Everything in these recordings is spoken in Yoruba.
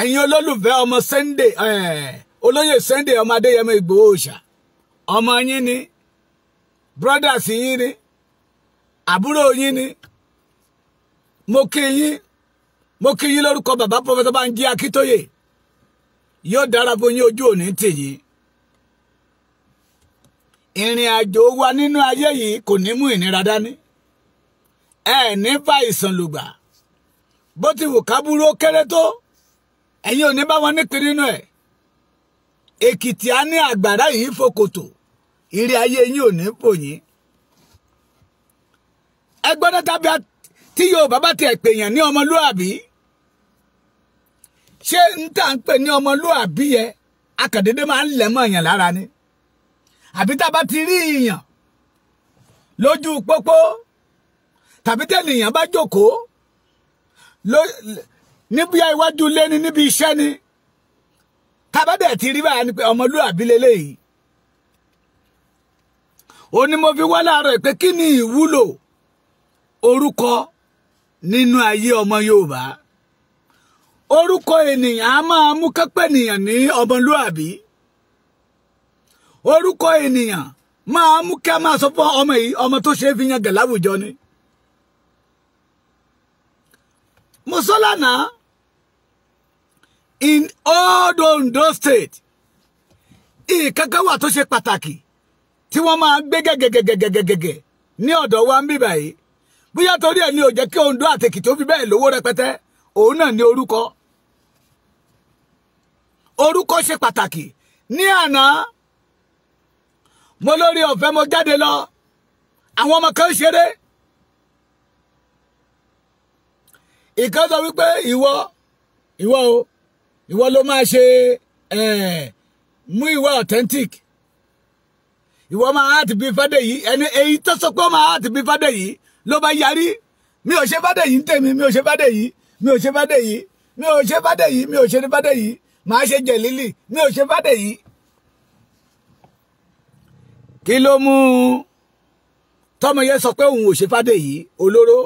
ẹ̀yin olólùfẹ́ ọmọ Sunday olóyè Sunday ọmọ Adéyẹmọ Ìgbòho Òòṣà ọmọ yín ni brothers yín ni àbúrò yín ni mo kí yín mo kí yín lórúkọ bàbá pọfẹsọ Bánjí Akíntóyè yóò dára fún yín ojú òní tìyín ìrìn àjò wa nínú ayé yìí kò ní mú ìnira dání ẹ ní fa ìsànlùgbà bó ti wù kábúrò kéré tó. ẹ̀yin oniba bá wọn níkiri nínú ẹ̀ èkìtì á ní àgbàrá yìí fòkòtò ìrì ayé yín ò pò yín ẹ gbọ́dọ̀ tàbí tí Yorùbá bá tiẹ̀ pèèyàn ní ọmọlúàbí ṣé n tà ń pè ní ọmọlúàbí yẹn akàdédé máa ń lára ni àbí tá ti rí lójú pópó tàbí níbíyà iwájú ilé ni níbi iṣẹ́ ni kábàdẹ̀ ti rí báyà ni pé ọmọlúwàbí leléyìí ó ní mo fi wá láàárọ̀ pé kí ni ìwúlò orúkọ nínú ayé ọmọ Yorùbá orúkọ ènìyàn á máa mú kápẹ́ ènìyàn ní ọmọlúwàbí orúkọ ènìyàn máa mú kí a máa sọ fún ọmọ yìí ọmọ tó ṣe é fi yan gẹ̀ láwùjọ ni mo sọ lánàá odo Ondo state ìkankan to ṣe pàtàkì tí wọ́n máa gbé wa ni o je Ondo mo mo kan ìwọ ló máa ṣe eh, mú ìwé authentic ìwọ máa hàt bí fádé yìí ẹni èyí tó sọ pé ó máa hàt bí fádé yìí ló bá yarí mi ò ṣe fádé yìí ń tèmi mi ò ṣe fádé yìí mi ò ṣe fádé yìí mi ò ṣe fádé yìí mi ò ṣe fádé yìí màá ṣe jẹ̀lílì mi ò ṣe fádé yìí. kí ló mú tọmọ yẹn sọ pé òun ò ṣe fádé yìí olóró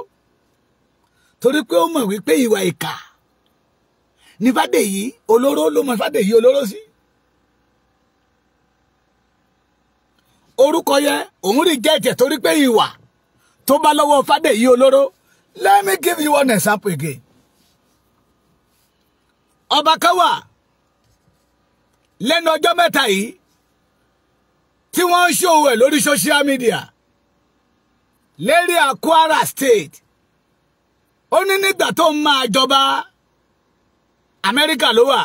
torí pé ó mọ̀ wípé ìwà ìkà ní Fádèyí olóró ló mọ Fádèyí olóró sí orúkọ yẹn òun rí jẹ́jẹ́ torí pé ìwà tó bá lọ́wọ́ Fádèyí olóró let me give you one example again ọba kan wà lẹ́nu ọjọ́ mẹ́ta yìí tí wọ́n ń ṣòwò ẹ̀ lórí social media lérí Kwara State ó ní nígbà tó ń máa jọba amẹ́ríkà ló wà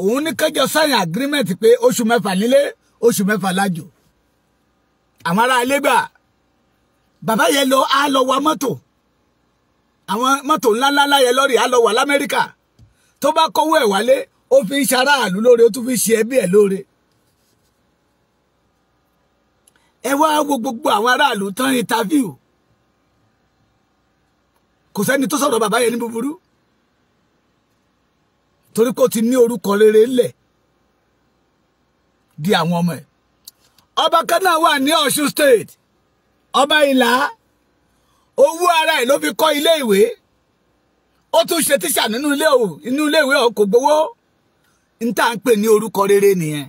òun ní kẹjọ sign agreement pé oṣù mẹ́fà nílé oṣù mẹ́fà lájò àwọn ará ilé gbà bàbá yẹn lọ á lọ wa mọ́tò àwọn mọ́tò ńláńlá yẹn lọ́rì á lọ wà lamẹ́ríkà tó bá kọ́wọ́ ẹ̀ wálé ó fi ń ṣaráàlú lóore ó tún fi ń ṣe ẹbí ẹ̀ lóore ẹ wá wo gbogbo àwọn aráàlú tán interview kò sẹ́ni tó sọ̀rọ̀ bàbá yẹn ní búburú. torí kó ti ní orúkọ rere lẹ̀ di àwọn ọmọ ẹ̀ ọba kanna wà ní Ọ̀ṣun state ọba ìlà owó ara ẹ̀ ló fi kọ́ ilé ìwé ó tún ṣe tíṣà nínú ilé ò inú ilé ìwé ọkọ̀ gbowó n tá à ń pè ní orúkọ rere nìyẹn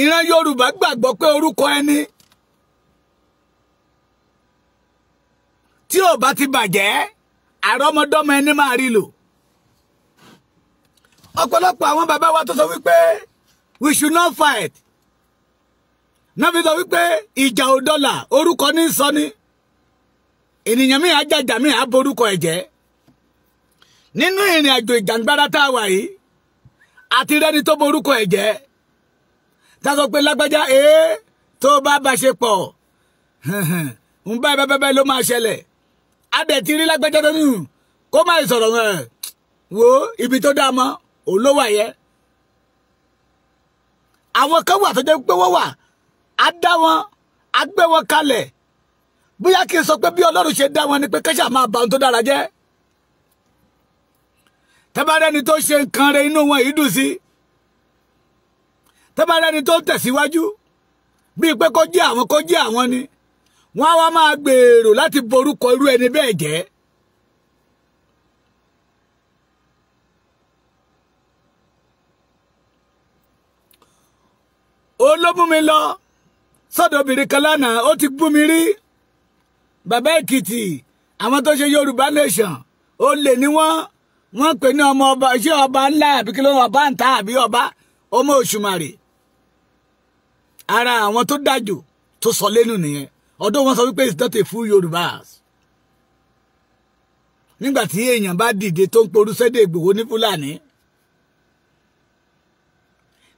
ìran Yorùbá gbàgbọ́ pé orúkọ ẹni tí ò bá ti bàjẹ́ àrọ́mọdọ́mọ ẹni máa rí lò. ọ̀pọ̀lọpọ̀ àwọn bàbá wa tó sọ wípé we should not fight náà fi sọ wípé ìjà ò dọ́là orúkọ ní sọ ni ènìyàn mi àjàjà mi àborúkọ ẹ̀jẹ̀ nínú ìrìn àjò ìjàngbara tá a wà yìí àti rẹni tó borúkọ ẹ̀jẹ̀ tá a sọ pé lágbájá èé tó bá bá ṣe pọ̀ ń bá ẹ bẹ́ẹ̀ ló máa ṣẹlẹ̀ adẹ̀ ti rí lágbájá tó nù kó má sọ̀rọ̀ ẹ̀ wo ibi tó dáa mọ́ òun ló wà yẹn àwọn kan wà tó jẹ́ pé wọ́n wà á dá wọn á gbé wọn kalẹ̀ bóyá kí n sọ pé bí ọlọ́run ṣe dá wọn ni pé kẹ́sà máa ba ohun tó dára jẹ́ tẹ́bárẹ́ni tó ṣe nǹkan rẹ̀ inú wọn yìí dùn sí tẹ́bárẹ́ni tó tẹ̀síwájú bíi pé kó jẹ́ àwọn kó jẹ́ àwọn ni wọ́n á wá máa gbèrò láti borúkọ irú ẹni bẹ́ẹ̀ jẹ́ ó ló mú mi lọ sọ́dọ̀ obìnrin kan lánàá ó ti bú mi rí bàbá èkìtì àwọn tó ṣe yorùbá nation ó lè ní wọn wọn pè ní ọmọ ọba ṣé ọba ńlá àbí kí ló ń ọba ń ta àbí ọba ọmọ òṣùmàrè ara àwọn tó dájú tó sọ lẹ́nu nìyẹn ọdún wọn sọ wípé it's not a full yorùbá nígbà tí èèyàn bá dìde tó ń porú sẹ́dẹ̀ ní fúlàní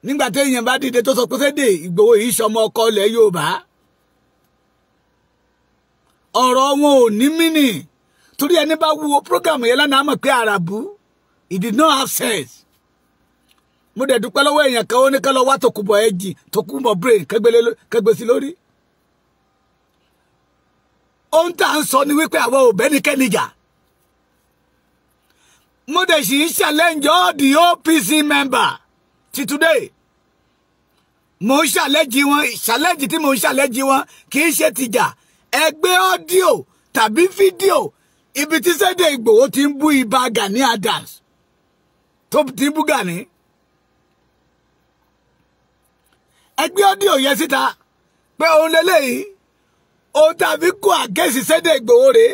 nígbà téèyàn bá dìde tó sọ pé Sunday Ìgbòho yìí sọmọ ọkọ ilẹ̀ Yorùbá ọ̀rọ̀ wọn ò ní mínì torí ẹni bá wo program yẹn lánàá mọ̀ pé àràbù he did not have sense mo dẹ̀ dúpẹ́ lọ́wọ́ èèyàn kan ó ní kán lọ wá tòkùbọ̀ ẹ̀jì tòkùbọ̀ brain kẹgbẹ́ sí lórí ohun tá à ń sọ ni wípé àwọn ò bẹ́nikẹ́ni jà mo dẹ̀ sì ń challenge the OPC member till today mo ń ṣàlẹ́jì wọn ṣàlẹ́jì tí mo ń ṣàlẹ́jì wọn kì í ṣe tìjà ẹgbẹ́ ọ́díò tàbí fídíò ibi tí Sunday Igboho ti ń bú ibà Gani Adams tó ti ń bú Gani ẹgbẹ́ ọ́díò yẹn síta pé òun lélẹ́yìí òun tàbí kó àgẹ́sì Sunday Igboho rèé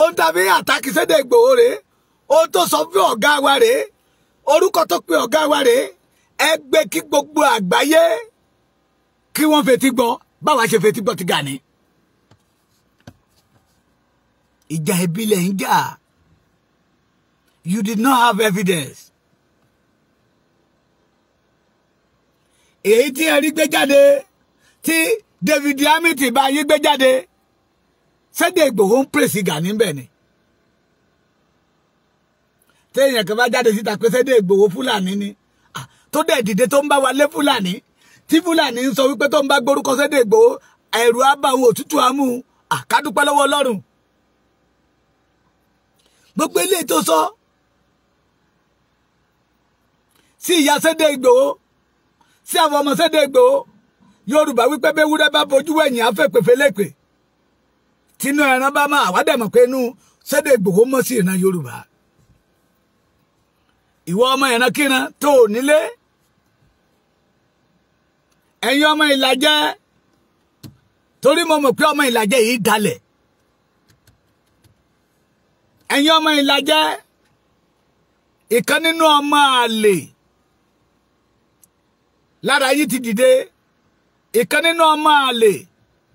òun tàbí àtàkì Sunday Igboho rèé òun tó sọ fún ọ̀gá wa rèé orúkọ tó pe ọ̀gá wa rèé ẹ kí gbogbo àgbáyé kí wọ́n fetí gbọ́ báwa ṣe fetí gbọ́ ti gà ni. ìjà ìbílẹ̀ ń jà you did not have evidence. èyí tí ẹ rí gbé jáde tí David Amity bá yín gbé jáde Sunday Igboho ń pèsè Gani bẹ́ẹ̀ ni téèyàn kan bá jáde síta pé Sunday Igboho Fúlàní ni tó dẹ̀ dìde tó ń bá wa lé fúlàní tí fúlàní ń sọ wípé tó ń bá gbórúkọ sẹ́dẹ̀ Ìgbòho ẹ̀rù abáwọn òtútù amú àkádúpẹ́ lọ́wọ́ Ọlọ́run gbogbo eléyìí tó sọ sí ìyá sẹ́dẹ̀ Ìgbòho sí àwọn ọmọ sẹ́dẹ̀ Ìgbòho Yorùbá wípé bẹ́wúrẹ́ bá bojú ẹ̀yìn afẹ́pẹ̀fẹ́ lẹ́pẹ̀ tinú ẹran bá máa àwádẹ́mọ̀ pé inú sẹ́dẹ̀ Ìgbòho mọ́ sí ìran Yorùbá ìwọ ọmọ ìran kíran tó ò nílé ẹ̀yin ọmọ ìlàjẹ torí mo mọ̀ pé ọmọ ìlàjẹ yìí dalẹ̀ ẹ̀yin ọmọ ìlàjẹ ìkan nínú ọmọ àlè lára yìí ti dìde ìkan nínú ọmọ àlè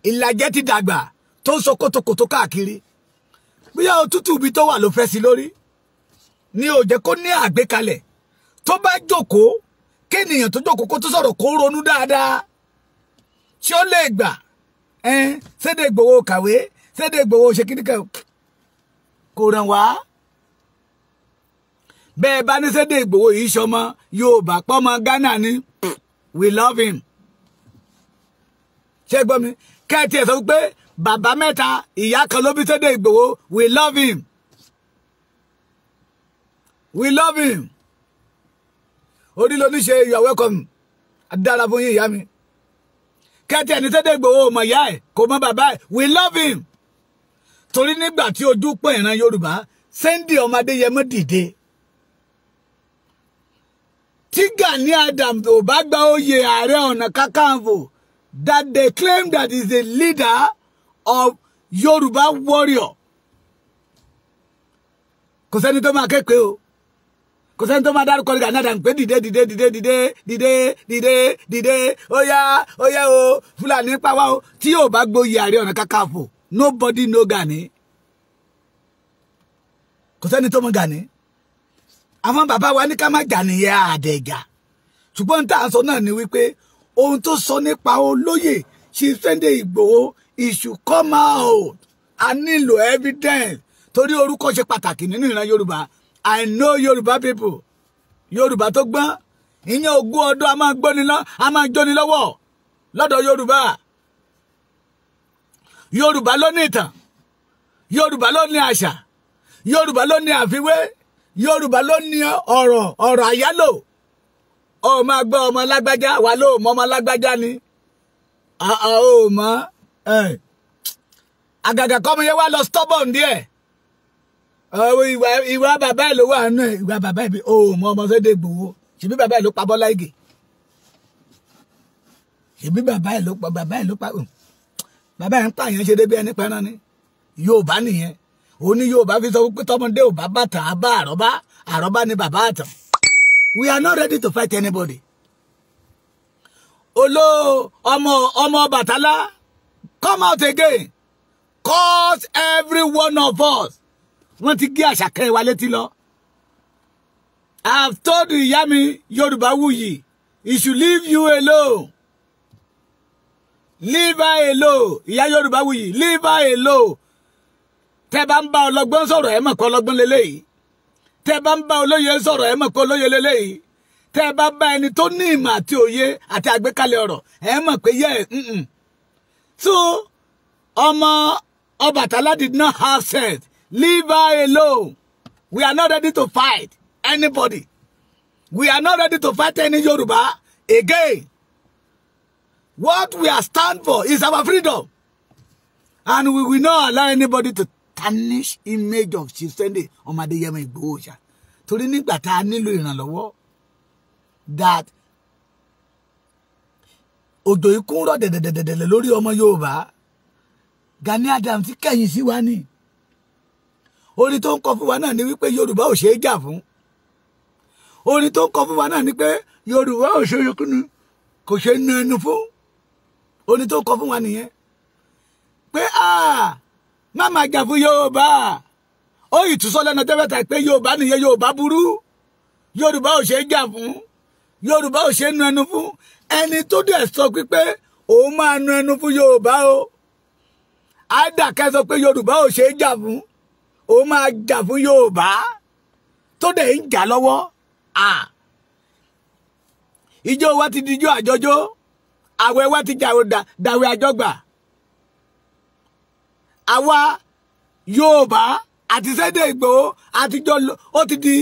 ìlàjẹ ti dàgbà tó ń sọ kótókótó káàkiri bóyá òtútù ibi tó wà ló fẹ́ sí lórí ni ò jẹ́ kó ní àgbékalẹ̀ tó bá jókòó kéèyàn tó jókòó kó tó sọ̀rọ̀ kó ronú dáadáa tí ó lè gbà ṣédè gbowó kàwé ṣédè gbowó ṣe kíníkà kò ràn wá bẹ́ẹ̀ bá ní ṣédè gbowó yìí ṣọmọ Yorùbá pọ́mọ Ghana ni we love him ṣé gbọ́ mi kẹ́ẹ̀tì ẹ̀ sọ pé bàbá mẹ́ta ìyá kan ló bí ṣédè gbowó we love him we love him orí lóní ṣe you are welcome adára fún yín ìyá mi kẹ́tì ẹni tẹ́tẹ́ Ìgbòho mọ̀ ìyá ẹ̀ kò mọ bàbá ẹ̀ we love him torí nígbà tí ojú pọ̀ ìran Yorùbá Sunday ọmọ Adéyẹmọ dìde tí Gani Adams ò bá gba oyè ààrẹ ọ̀nà kakanfò that they claim that is the leader of Yorùbá warrior kò sẹ́ni tó máa kẹ́kọ̀ọ́ o kò sẹ́ni tó máa dárúkọ ní gànáda ń pé dìde dìde dìde dìde dìde dìde dìde ó yá o fúlàní pàwá o tí yóò bá gbóyè Ààrẹ Ọ̀nà Kakanfò nobody know Gani kò sẹ́ni tó mọ Gani àwọn bàbá wa ní ká má jà nìyẹn àdẹ̀gà ṣùgbọ́n tá à ń sọ náà ni wípé ohun tó sọ nípa olóyè ṣì Sunday Ìgbòho it should come out a nílò evidence torí orúkọ ṣe pàtàkì nínú ìran Yorùbá I know Yorùbá people Yorùbá tó gbọ́n ìyẹn ogún ọdún a máa gbóni lọ a máa jóni lọ́wọ́ lọ́dọ̀ Yorùbá Yorùbá ló ní ìtàn Yorùbá ló ní àṣà Yorùbá ló ní àfiwé Yorùbá ló ní ọ̀rọ̀ ọ̀rọ̀ àyálò ọmọ agbọ́ ọmọ lágbájá wà ló mọ ọmọ lágbájá ni àà ó mọ àgàgà kọ́mọyé wa lọ stubborn díẹ̀ ọwọ ìwà ìwà bàbá ẹ ló wà nù ẹ ìwà bàbá ẹ bí o mọ ọmọ Sunday Igboho ṣèbí bàbá ẹ ló pa Bọ́lá Ìgè ṣèbí bàbá ẹ ló pa bàbá ẹ ló pa bàbá ẹ ń pààyàn ṣe débi ẹni pẹran ni Yorùbá nìyẹn òun ni Yorùbá fi sọ pé tọmọdé ò bá bàtà á bá àrọ́bá àrọ́bá ni bàbá àtàn we are not ready to fight anybody olo ọmọ ọmọ Ọbàtálá come out again cause every one of us wọ́n ti gé àṣàkẹ́ wa létí lọ. I have told you, ìyá mi Yorùbáwùyí he should leave you alone leave her alone ìyá Yorùbáwùyí leave her alone tẹ́ bá ń bá ọlọ́gbọ́n sọ̀rọ̀ ẹ mọ̀ kó ọlọ́gbọ́n lélẹ́yìí tẹ́ bá ń bá olóye sọ̀rọ̀ ẹ mọ̀ kó olóye lélẹ́yìí tẹ́ bá bá ẹni tó ní ìmọ̀ àti òye àti àgbékalẹ̀ ọ̀rọ̀ ẹ mọ̀ pé yẹ ẹ so ọmọ Ọbàtálá did not have sense Leave her alone. We are not ready to fight anybody. We are not ready to fight any Yoruba again. What we are stand for is our freedom. And we will not allow anybody to tarnish image of Chief Sunday Ọmọdéyẹmọ Ìgbòho Òòṣà. Torí nígbà tá in the world, that òjò ikú ń rọ̀ dẹ̀dẹ̀dẹ̀dẹ̀ lórí ọmọ Yoruba, Gani Adams kẹ̀yìn sí wa ni orin tó ń kọ fún wa náà ni wípé yorùbá ò ṣeé jà fún orin tó ń kọ fún wa náà ni pé yorùbá ò ṣe kíni kò ṣe nu ẹnu fún orin tó ń kọ fún wa nìyẹn pé a má má jà fún yorùbá ó ìtúsọ lẹ́nu tẹ́fẹ́ta pé yorùbá nìyẹn yorùbá burú yorùbá ò ṣeé jà fún yorùbá ò ṣeé nu ẹnu fún ẹni tó dẹ̀ sọ pípé òun máa nu ẹnu fún yorùbá o á dà ká sọ pé yorùbá ò ṣeé jà fún ó máa jà fún Yorùbá tó dẹ̀ ń jà lọ́wọ́ ìjọ wa ti dijọ́ àjọjọ́ àwẹ̀ wa ti jà dàwẹ̀ àjọgbà àwa Yorùbá àti Sunday Igboho àtijọ́ ó ti di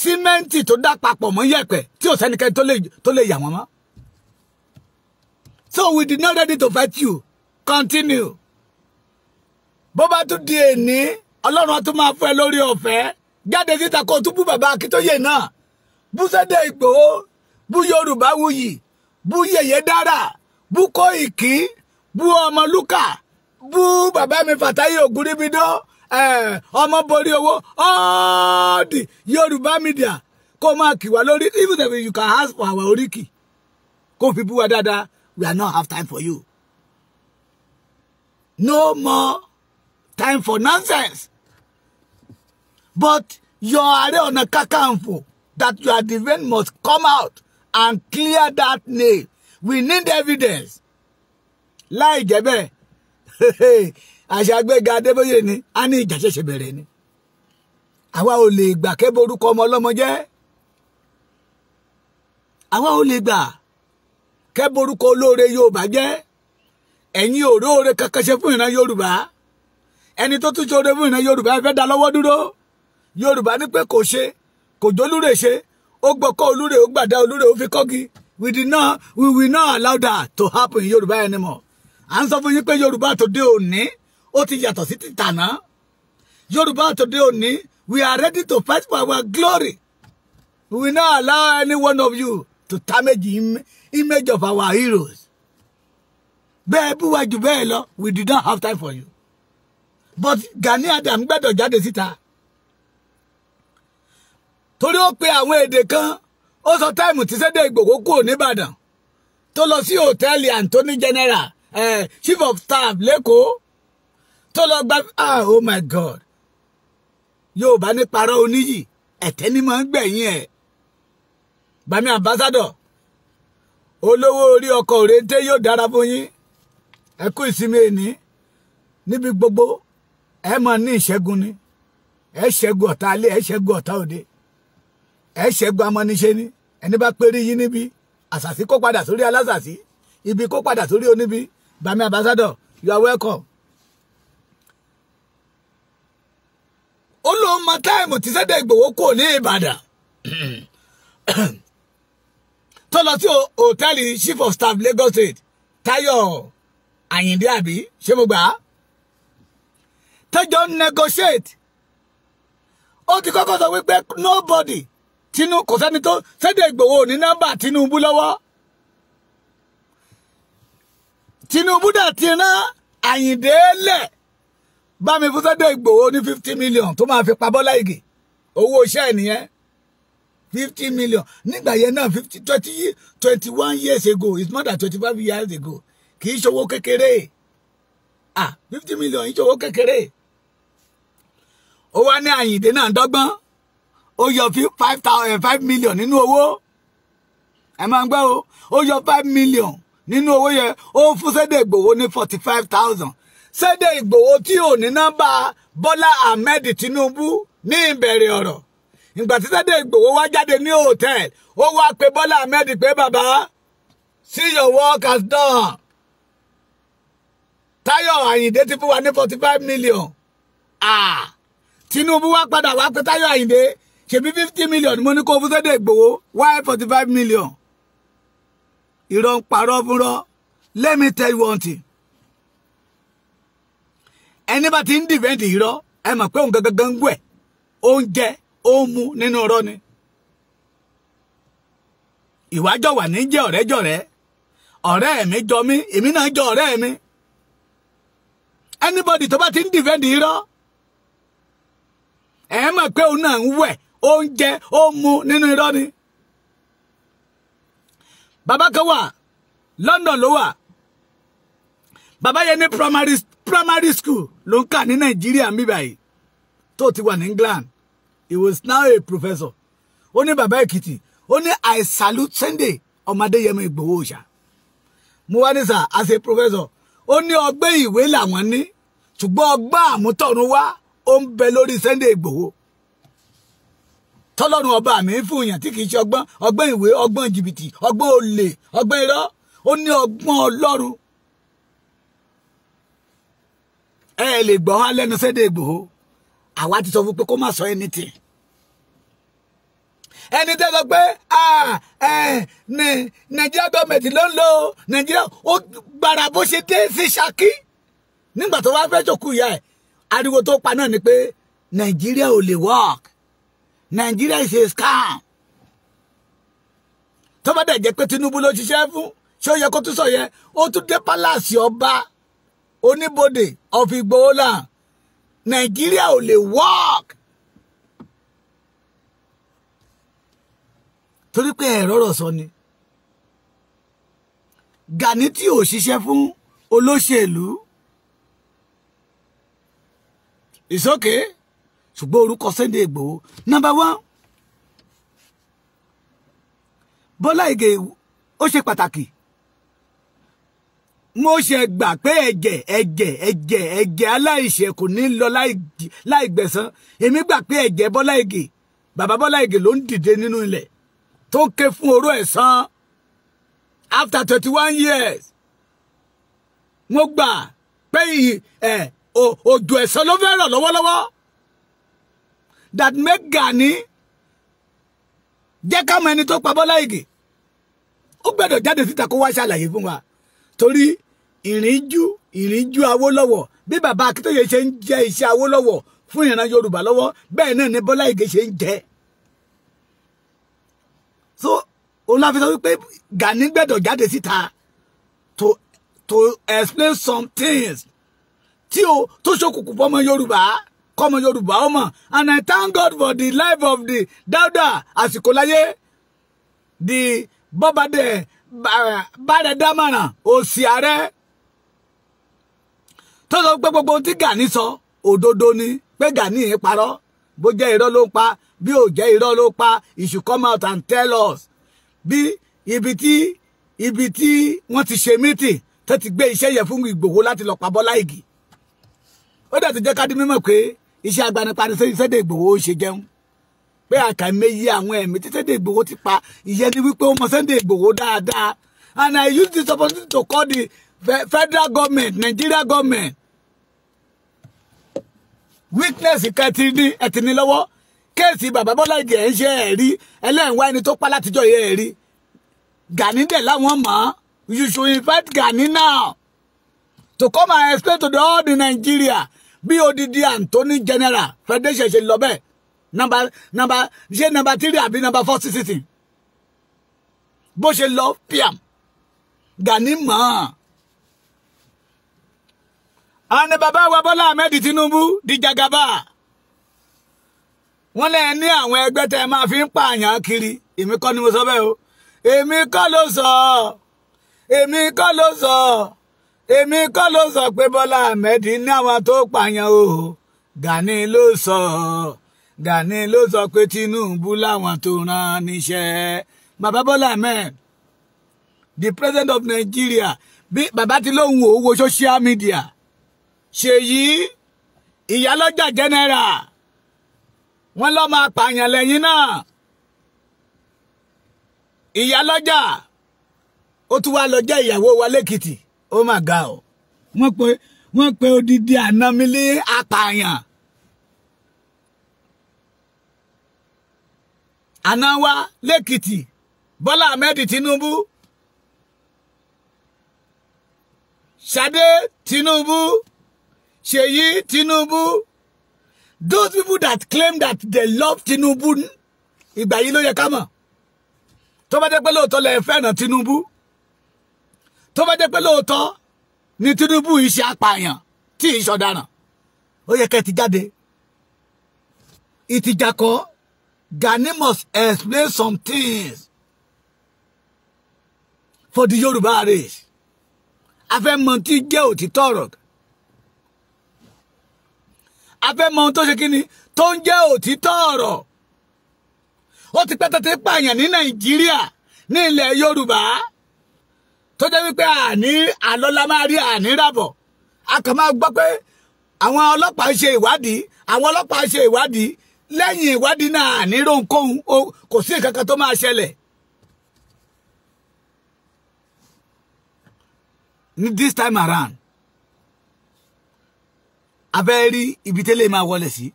símẹ́ǹtì tó dá papọ̀ mọ́ yẹ̀pẹ̀ tí ò sẹ́nikẹ́ni tó lè yà wọ́n mọ́. So we did not ready to fight you continue bó bá tún di èní ọlọ́run á tún máa fún ẹ lórí ọ̀fẹ́ jáde síta kó tún bú bàbá akíntóyè náà bú sẹ́dẹ̀ ìgbòho bú yorùbá wuyì bú yèyé dára bú kó ìkí bú ọmọ lúkà bú bàbá mi fàtáyé ògúnríbidán ọmọ borí owó ọ́ọ́dì yorùbá media kó máa kì wá lórí even if you can ask for our oríkì kó fi bú wa dáadáa we are not have time for you no more time for nonsense. But your on a Kakanfò that you are defending must come out and clear that name. We need evidence. Láì jẹ́ bẹ́ẹ̀, àṣàgbéga Adébóyè ni, a ní ìjà ṣẹ̀ṣẹ̀ bẹ̀rẹ̀ ni. Àwa ò lè gbà kẹ́ borúkọ ọmọ ọlọ́mọ jẹ́. Àwa ò lè gbà kẹ́ borúkọ olóore Yorùbá jẹ́. Ẹ̀yin òróore kankan ṣe fún ìran Yorùbá ẹni tó tún ṣe oore fún ìran yorùbá ẹ da lọ́wọ́ dúró yorùbá ní pé kò ṣe kò jólúrè ṣe ó gbọ́kọ́ olúrè ó gbàdá olúrè ó fi kọ́gi we did not we will not allow that to happen in yorùbá anymore à ń sọ fún yín pé yorùbá tòde òní ó ti yàtọ̀ sí ti yorùbá tòde òní we are ready to fight for our glory we will not allow any one of you to damage the image of our heroes bẹ́ẹ̀ bí wájú bẹ́ẹ̀ lọ we did not have time for you but Gani Adams gbẹ́dọ̀ jáde síta torí ó pe àwọn èdè kan ó sọ táìmù tí Sunday Igboho kúrò nìbàdàn tó lọ sí hòtẹ́ẹ̀lì Anthony General eh, chief of staff Leko. tó lọ gba ah oh my god yorùbá ní parọ́ oníyì ẹ̀tẹ́ ni máa ń gbẹ̀yìn ẹ̀ bami ambassador olówó orí ọkọ̀ òrèǹté yóò dára fún yín ẹ kú ìsinmi ẹni níbi gbogbo ẹ máa ní ìṣẹ́gun ni ẹ ṣẹ́gun ọ̀tá alé ẹ ṣẹ́gun ọ̀tá òde ẹ ṣẹ́gun amọ́niṣe ni ẹni bá péré yín níbi àṣàṣì kó padà sórí alásàṣì ibi kó padà sórí oníbi bami ambassador you are welcome. ó lóun mọ táìmù tí Sunday Igboho kò ní Ìbàdàn tó lọ sí hòtẹ́ẹ̀lì chief of staff Lagos State Táyọ̀ Àyìndé àbí ṣé mo gbà á tẹ́jọ́ ń negotiate ó ti kọ́kọ́ sọ wípé nobody tinu kò sẹ́ni tó sẹ́dẹ̀ Ìgbòho ò ní nọ́mbà Tinubu lọ́wọ́ Tinubu dà ti rán Àyìndé lẹ̀ bámi fún sẹ́dẹ̀ Ìgbòho ní fifty million tó máa fi pa Bọ́lá Ìgè owó iṣẹ́ nìyẹn fifty million nígbà yẹn náà fifty twenty twenty one years ago it's more than twenty five years ago kì í ṣòwò kékeré ah fifty million yìí ṣòwò kékeré ó wá ní àyìndé náà dọ́gbọ́n ó yọ five thousand eh, five million nínú owó ẹ máa ń gbọ́ o ó yọ five million nínú owó yẹn ó fún Sunday Igboho ní forty five thousand Sunday Igboho tí ò ní nọ́mbà Bọ́lá Ahmed Tinubu ní ìbẹ̀rẹ̀ ọ̀rọ̀ ìgbà tí Sunday Igboho wá jáde ní hòtẹ́ẹ̀lì ó wá pe Bọ́lá Ahmed pé bàbá see your work has done Táyọ̀ Àyìndé ti fún wa ní forty five million. Ah. Tinubu wá padà wá pé Táyọ̀ Àyìndé ṣebí fifty million mo ní kó fún Sunday Igboho why forty five million ìrọ̀ ń parọ́ fúnrọ́ let me tell you one thing ẹni bá ti ń dìbẹ́ǹdì irọ́ ẹ mọ̀ pé òun gangan gangu ẹ̀ ó ń jẹ ó ń mu nínú ọ̀rọ̀ ni ìwájọ wà ní jẹ́ ọ̀rẹ́jọ̀rẹ́ ọ̀rẹ́ mi jọ mí èmi náà jọ ọ̀rẹ́ mi anybody tó bá ti ń dìbẹ́ǹdì irọ́ ẹ mọ̀ pé òun náà ń wẹ̀ ó ń jẹ ó ń mu nínú irọ́ ni. bàbá kan wà London ló wà bàbá yẹn ní primary primary school ló ń kà ní Nàìjíríà ń bí báyìí tó ti wà ní England he was now a professor ó ní bàbá Èkìtì ó ní I salute Sunday ọmọdé yẹmọ Ìgbòho Òòṣà mo wá ní sà as a professor ó ní ọgbẹ́ ìwé làwọn ní ṣùgbọ́n ọgbà àmútọ̀run wá ó ń bẹ lórí Sunday Ìgbòho tọ́lọ́run ọba mi fún yàn tí kì í ṣe ọgbọ́n ọgbọ́n ìwé ọgbọ́n jìbìtì ọgbọ́n olè ọgbọ́n irọ́ ó ní ọgbọ́n Ọlọ́run ẹ lè gbọ́ wá lẹ́nu Sunday Ìgbòho àwa ti sọ fún pé kó má sọ anything ẹni tẹ́ sọ pé nàìjíríà gọ́ọ̀mẹ̀tì ló ń lo nàìjíríà ó gbàrà bó ṣe dé sí Ṣakí nígbà tó wá fẹ́ jòkú ìyá ẹ̀ ariwo tó pa náà ni pé nàìjíríà ò lè work nàìjíríà is a scam tó bá dẹ̀ jẹ́ pé tinubu ló ṣiṣẹ́ fún ṣé ó yẹ kó tún sọ yẹ ó tún dé pálásì ọba oníbodè of Igbohola nàìjíríà ò lè work torí pé ẹ̀rọ rọ̀ sọ ni Gani tí ò ṣiṣẹ́ fún olóṣèlú it's okay ṣùgbọ́n orúkọ Sunday Igboho number one Bọ́lá Ìgè ó ṣe pàtàkì mo ṣe gbà pé ẹ̀jẹ̀ ẹ̀jẹ̀ ẹ̀jẹ̀ ẹ̀jẹ̀ aláìṣẹ̀ kò ní lọ láì gbẹ̀san èmi gbà pé ẹ̀jẹ̀ Bọ́lá Ìgè bàbá Bọ́lá Ìgè ló ń dìde nínú ilẹ̀ tó ké fún oró ẹ̀san after twenty one years mo gbà pé ẹ̀ òjò ẹ̀san ló fẹ́ rọ̀ lọ́wọ́lọ́wọ́ that make Gani jẹ́ káwọn ẹni tó pa Bọ́lá Ìgè ó gbẹ́dọ̀ jáde síta kó wá ṣàlàyé fún wa torí ìrìnjú ìrìnjú Awólọ́wọ̀ bí bàbá Akíntóyè ṣe ń jẹ iṣẹ́ Awólọ́wọ̀ fún ìran Yorùbá lọ́wọ́ bẹ́ẹ̀ náà ni Bọ́lá Ìgè ṣe ń jẹ so òun láfi sọ wípé Gani gbẹ́dọ̀ jáde síta to to explain some things tí o tó ṣokùnkùn fọmọ yorùbá kọmọ yorùbá ọmọ and i thank god for the life of the Dauda Asikolaye the bọ́badẹ bàrẹ dámàràn òsì ààrẹ tó sọ pé gbogbo tí Gani sọ òdodo ni pé Gani yẹn parọ́ bó jẹ́ irọ́ ló ń pa bí ò jẹ́ irọ́ ló pa he should come out and tell us bí ibi tí ibi tí wọ́n ti ṣe mítì tó ti gbé iṣẹ́ yẹn fún Ìgbòho láti lọ pa Bọ́lá Ìgè ó dẹ̀ ti jẹ́ ká di mímọ̀ pé iṣẹ́ agbanipani sẹ́dẹ̀ ìgbòho ó ṣe jẹun pé àkàìmẹ́yẹ àwọn ẹ̀mí tí sẹ́dẹ̀ ìgbòho ti pa ìyẹn ni wípé ó mọ sẹ́dẹ̀ ìgbòho dáadáa and I use this opportunity to call the federal government Nigeria government Weakness kẹtì ní ẹtì ní lọ́wọ́ kéèsì bàbá Bọ́lá Ìgè ẹ̀ ń ṣe ẹ̀rí ẹlẹ́wọ̀n ẹni tó pa látijọ́ yẹ ẹ̀rí Gani dẹ̀ láwọn mọ̀ you should invite Gani now to come and explain to the whole of Nigeria bí odidi Anthony general federation ṣe lọ bẹ́ẹ̀ nàmbà nàmbà ṣé nàmbà tírì àbí nàmbà fọ́ sísìtì bó ṣe lọ pm Gani mọ́ àwọn Baba wa Bọ́lá Ahmed Tinubu di jagaba wọ́n lẹ́yìn ní àwọn ẹgbẹ́ tẹ́ máa fi ń pààyàn kiri èmi kọ́ ni mo sọ bẹ́ẹ̀ o èmi kọ́ ló sọ èmi kọ́ ló sọ èmi kọ́ ló sọ pé Bọ́lá Ahmed ní àwọn tó pààyàn o Gani ló sọ Gani ló sọ pé Tinubu láwọn tó rán níṣẹ́ bàbá Bọ́lá Ahmed the president of Nigeria bí bàbá ti lóhùn owó social media ṣèyí ìyálọ́jà general wọ́n lọ́ máa pààyàn lẹ́yìn náà ìyálọ́jà ó tún wá lọ jẹ́ ìyàwó wa lẹ́kìtì ó mà ga ọ wọ́n pe wọ́n pe odidi ànámilé apààyàn ànáwá lẹ́kìtì Bọ́lá Ahmed Tinubu Ṣadé Tinubu Ṣèyí Tinubu those people that claim that they love Tinubu ìgbà yìí ló yẹ ká mọ̀ tó bá jẹ́ pé lóòótọ́ lẹ fẹ́ràn Tinubu tó bá jẹ́ pé lóòótọ́ ni Tinubu yìí ṣe apààyàn tí ì ṣọ̀daràn ó yẹ kẹ́ ti jáde ìtìjàkọ́ Gani must explain some things for the Yorùbá race afẹ́mọ̀ tí jẹ́ òtítọ́ ọ̀rọ̀ afẹ́mọ̀ tó ṣe kíni tó ń jẹ́ òtítọ́ ọ̀rọ̀ ó ti pẹ́ tó ti pààyàn ní Nàìjíríà ní ilẹ̀ Yorùbá tó jẹ́ wípé àní àlọ́lá máa rí àní ràbọ̀ a kàn máa gbọ́ pé àwọn ọlọ́pàá ń ṣe ìwádìí àwọn ọlọ́pàá ń ṣe ìwádìí lẹ́yìn ìwádìí náà àní ronkóhun kò sí nǹkan kan tó máa ṣẹlẹ̀. ní this time around a fẹ́ rí ibi tẹ́lẹ̀ máa wọlé sí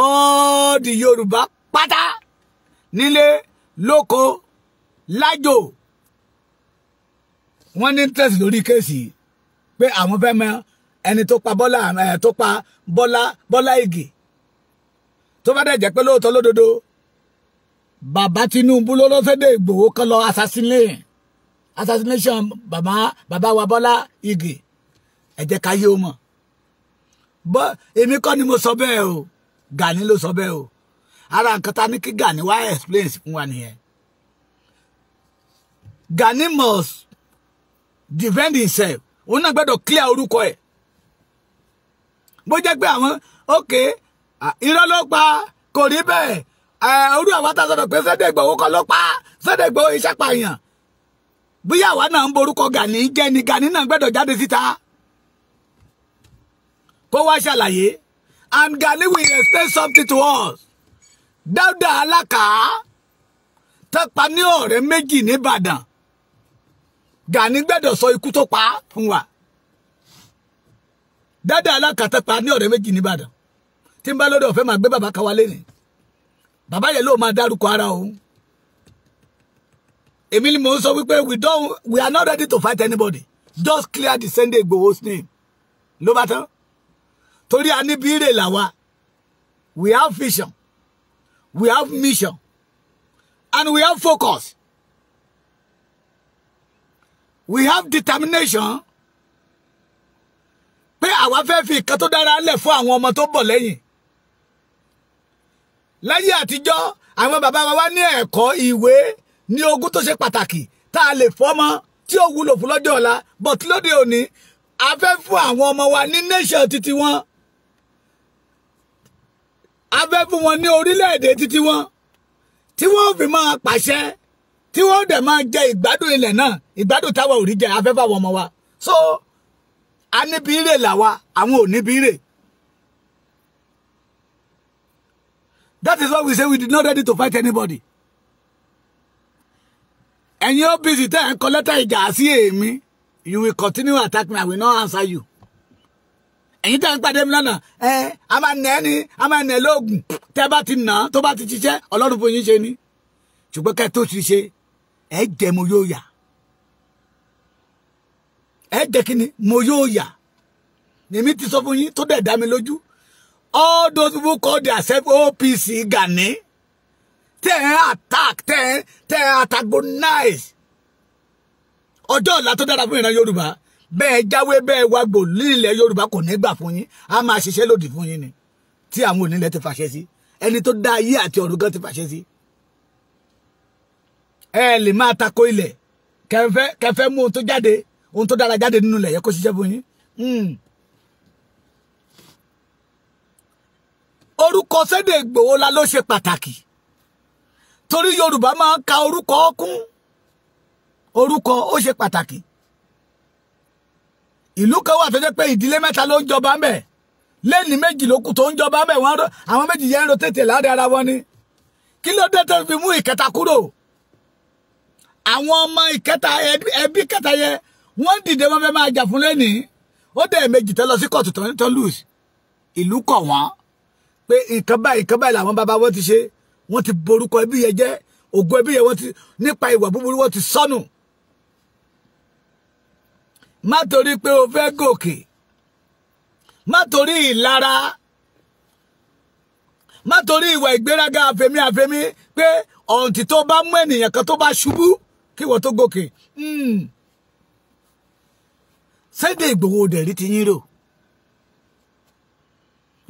all the Yorùbá pátá nílé lóko lájò wọ́n ní interest lórí kéèsì yìí pé àwọn fẹ́ mọ ẹni tó pa Bọ́lá ẹ̀ tó pa Bọ́lá Bọ́lá Ìgè tó bá dẹ̀ jẹ́ pé lóòótọ́ lódodo bàbá Tinubu ló ló fẹ́ dé Ìgbòho kan lọ assassinate assassination bàbá bàbá wa Bọ́lá Ìgè ẹ jẹ́ ká o mọ̀ bọ́ èmi kọ́ ni mo sọ bẹ́ẹ̀ o Gani ló sọ bẹ́ẹ̀ o ara nǹkan ta ní kí Gani wá explain fún wa nìyẹn Gani must defend himself òun náà gbọ́dọ̀ clear orúkọ ẹ̀ bó jẹ́ pé àwọn ok irọ́ ló pa kò rí bẹ́ẹ̀ orú àwọn àtàsọ̀rọ̀ pé Sunday Igboho kọ́ ló pa Sunday Igboho iṣẹ́ pààyàn bóyá àwa náà ń borúkọ Gani jẹ́ ni Gani náà gbọ́dọ̀ jáde síta kó wá ṣàlàyé and Gani will explain something to us Dáúdà Alákàá tọ́pa ní ọ̀rẹ́ méjì ní Ìbàdàn Gani gbẹ́dọ̀ sọ ikú tó pa fún wa dáadáa alákàtà pa ní ọ̀rẹ́ méjì nìbàdàn tí ń bá lórí ọ̀fẹ́ máa gbé bàbá kan wálé ni bàbá yẹn ló máa dárúkọ ara òun èmi ni mò ń sọ wípé we don't we are not ready to fight anybody just clear the Sunday Igboho's name ló bá tán torí a ní bírè làwa we have vision we have mission and we have focus we have determination pé àwa fẹ́ fi ìkan tó dára lẹ̀ fún àwọn ọmọ tó bọ̀ lẹ́yìn láyé àtijọ́ àwọn bàbá wa wá ní ẹ̀kọ́ ìwé ní ogún tó ṣe pàtàkì tá a lè fọ́mọ tí ó wúlò fún lọ́jọ́ ọ̀la but lóde òní a fẹ́ fún àwọn ọmọ wa ní nation títí wọn a fẹ́ fún wọn ní orílẹ̀-èdè títí wọn tí wọ́n fi máa pàṣẹ tí wọ́n dẹ̀ máa jẹ ìgbádùn ilẹ̀ náà ìgbádùn táwa ò rí jẹ afẹ́fà àwọn ọmọ wa so a níbi ire làwa àwọn ò níbi ire. that is why we say we did not ready to fight anybody. ẹ̀yin OPC tẹ́ ẹ̀ ń kọ lẹ́tà ìjà sí èmi you will continue attack me I will not answer you. ẹ̀yin tẹ́ ẹ̀ ń pàdé mi lọ́nà ẹ̀ a máa nà ẹ́ ni a máa nà ẹ́ lóògùn tẹ́ bá ti nà tó bá ti ṣiṣẹ́ ọlọ́run fún yín ṣe ni ṣùgbọ́n kẹ́ tó ti ṣe ẹ jẹ mo yóò yà ẹ jẹ ni mo yóò yà èmi ti sọ fún yín tó dẹ̀ dá mi lójú all those people call themselves OPC Gani tẹ́ ẹ attack tẹ́ ẹ tẹ́ ẹ antagonize ọjọ́ ọ̀la tó dára fún ìran Yorùbá bẹ́ẹ̀ jáwé bẹ́ẹ̀ wágbò lílẹ̀ Yorùbá kò ní gbà fún yín a máa ṣiṣẹ́ lòdì fún yín ni tí àwọn onílẹ̀ ti fàṣẹ sí ẹni tó dá ayé àti ọ̀run gan ti fàṣẹ sí ẹ lè máa tako ilẹ̀ kẹfẹ́ kẹfẹ́ mú ohun tó jáde ohun tó dára jáde nínú ilẹ̀ yẹ kó ṣiṣẹ́ fún yín. Hmm. orúkọ Sunday Igboho la ló ṣe pàtàkì torí Yorùbá máa ń ka orúkọ kún orúkọ ó ṣe pàtàkì ìlú kan wà tó jẹ́ pé ìdílé mẹ́ta ló ń jọba ń bẹ̀ lẹ́ni méjì ló kù tó ń jọba ń bẹ̀ wọ́n àwọn méjì yẹn ń rotate láàrin ara wọn ni kí ló dé tó fi mú ìkẹta kúrò àwọn ọmọ ìkẹta ẹbí kẹta yẹ wọ́n dìde wọ́n fẹ́ máa jà fún lẹ́nìí ó dẹ̀ méjì tẹ́ lọ sí kóòtù tán tán lùs ìlú kọ̀ wọ́n pé nǹkan báyìí nǹkan báyìí làwọn bàbá wọn ti ṣe wọ́n ti borúkọ ẹbí yẹn jẹ́ ògo ẹbí yẹn wọ́n ti nípa ìwà búburú wọ́n ti sọnù má torí pé o fẹ́ gòkè má torí ìlara má torí ìwà ìgbéraga àfẹmí àfẹmí pé ọ̀ǹtì tó bá mú ènìyàn kan tó bá ṣubú kí wọ́n tó gòkè Sunday hmm. Ìgbòho dẹ̀rí ti yín rò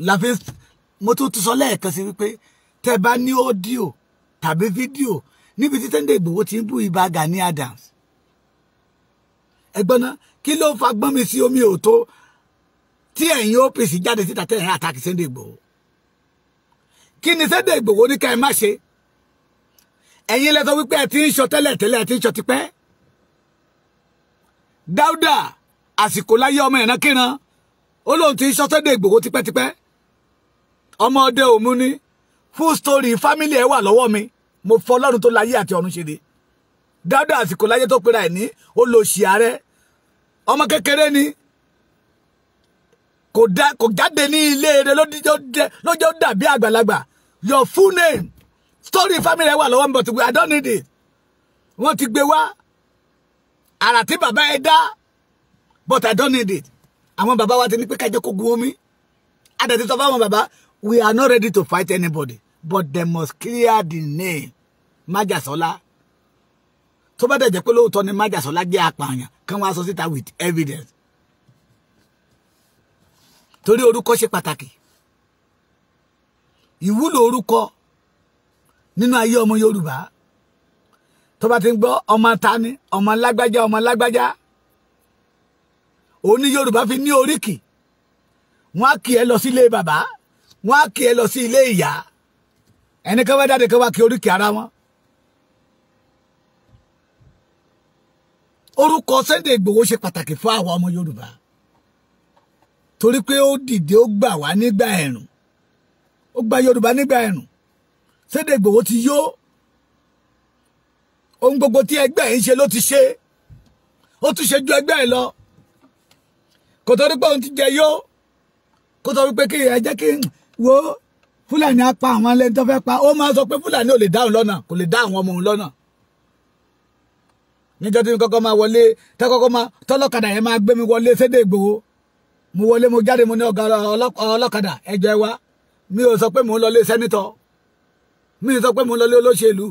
láfi mo tún ti sọ lẹ́ẹ̀kan sí wípé tẹ bá ní ọ́díò tàbí fídíò níbi tí Sunday Ìgbòho ti ń bú ibà Gani Adams ẹgbọ́n náà kí ló fa gbọ́n mi sí omi òótọ́ tí ẹ̀yin OPC jáde síta tẹ̀yìn àtàkì Sunday Ìgbòho kí ni Sunday Ìgbòho ní ká ẹ má ṣe ẹ̀yin lẹ́sọ wípé ẹ ti ń sọ tẹ́lẹ̀ tẹ́lẹ̀ ẹ ti ń sọ tipẹ́ dáúdà àsìkò láyé ọmọ ìran kíran ó lóun ti ń sọ sẹ́dẹ̀ ìgbòho tipẹ́tipẹ́ ọmọ ọdẹ òmu ni full story family ẹ wà lọ́wọ́ mi mo fọ ọlọ́run tó láyé àti ọ̀run ṣe de dáúdà àsìkò láyé tó pera ẹ̀ ní ó lo ṣì ààrẹ ọmọ kékeré ni kò jáde ní ilé rẹ lọ́jọ́ dàbí àgbàlagbà your full name story family wà lọ́wọ́ but I don't need it wọ́n ti gbé wá àrà tí bàbá ẹ dá but I don't need it àwọn bàbá wa ti ní pé kájọ kó gun omi adẹ̀tí sọ fáwọn bàbá we are not ready to fight anybody but they must clear the name májàsọ́lá To bá dẹ̀ jẹ́ pé lóòótọ́ ni májàsọ́lá jẹ́ apààyàn kán wá sọ síta with evidence torí orúkọ ṣe pàtàkì ìwúlò orúkọ nínú ayé ọmọ Yorùbá tó bá ti ń gbọ́ ọmọ tani ọmọ lágbájá ọmọ lágbájá òun ní Yorùbá fi ní oríkì wọ́n á kì ẹ lọ sí ilé bàbá wọ́n á kì ẹ lọ sí ilé ìyá ẹni kan wá jáde kan wá kí oríkì ara wọn. orúkọ Sunday Igboho ṣe pàtàkì fún àwa ọmọ Yorùbá torí pé ó dìde ó gbà wá nígbà ẹ̀rùn ó gba Yorùbá nígbà ẹ̀rùn Sunday Igboho ti yó ohun gbogbo tí ẹgbẹ́ ẹ̀ ń ṣe ló ti ṣe ó tún ṣe ju ẹgbẹ́ ẹ̀ lọ kò tó rí pé òun ti jẹ yó kó tó rí pé kí ẹ jẹ́ kí wo Fúlàní á pa àwọn ẹlẹ́ni tó fẹ́ pa ó máa sọ pé Fúlàní ò lè dáhùn lọ́nà kò lè dá àwọn ọmọ òun lọ́nà níjọ́ tí mi kọ́kọ́ máa wọlé tẹ́ kọ́kọ́ máa tọ́lọ́kadà yẹn máa gbé mi wọlé Sunday Igboho mo wọlé mo jáde mo ní ọlọ́kadà ẹjọ́ ẹ wá mi ò sọ pé mò ń lọlé sẹ́nitọ́ mi sọ pé mo lọ lé olóṣèlú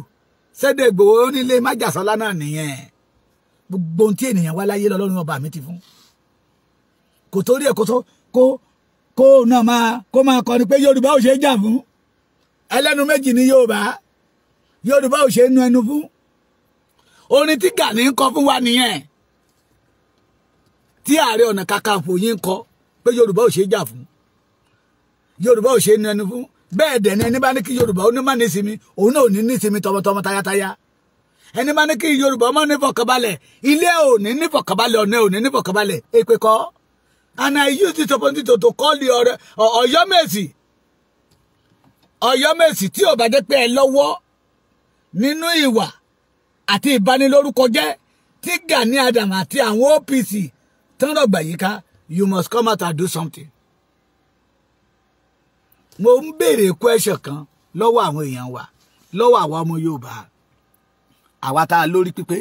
sẹ́dẹ̀ Ìgbòho nílé májàsọ́lá náà nìyẹn gbogbo ohun tí ènìyàn wá láyé lọ́lọ́run ọba mi ti fún kò torí ẹ̀ kó tó kó kó náà máa kó máa kọ́ni pé Yorùbá ò ṣe é jà ẹlẹ́nu méjì ní Yorùbá Yorùbá ò ṣe é nu ẹnu fún orin tí Gani ń kọ fún wa nìyẹn tí ààrẹ ọ̀nà kakanfò yìí kọ pé Yorùbá ò ṣe é jà fún Yorùbá ò ṣe é nu ẹnu fún bẹ́ẹ̀ dẹ̀ ni ẹni bá ní kí yorùbá ó ní má ní sinmi òun náà ò ní ní sinmi tọmọtọmọ tayátayá ẹni bá ní kí yorùbá ó má ní fọkànbalẹ̀ ilé ò ní ní fọkànbalẹ̀ ọ̀nà ò ní ní fọkànbalẹ̀ èpè kọ́ and I use this opportunity to, to call the ọ̀yọ́mèsì ọ̀yọ́mèsì tí ò bá jẹ́ pé ẹ lọ́wọ́ nínú ìwà àti ìbanilórúkọ jẹ́ tí Gani Adams àti àwọn OPC tán rọ̀gbà yíká you must come out and do something mo ń béèrè question kan lọ́wọ́ àwọn èèyàn wa lọ́wọ́ àwa ọmọ Yorùbá àwa tá a lórí pípé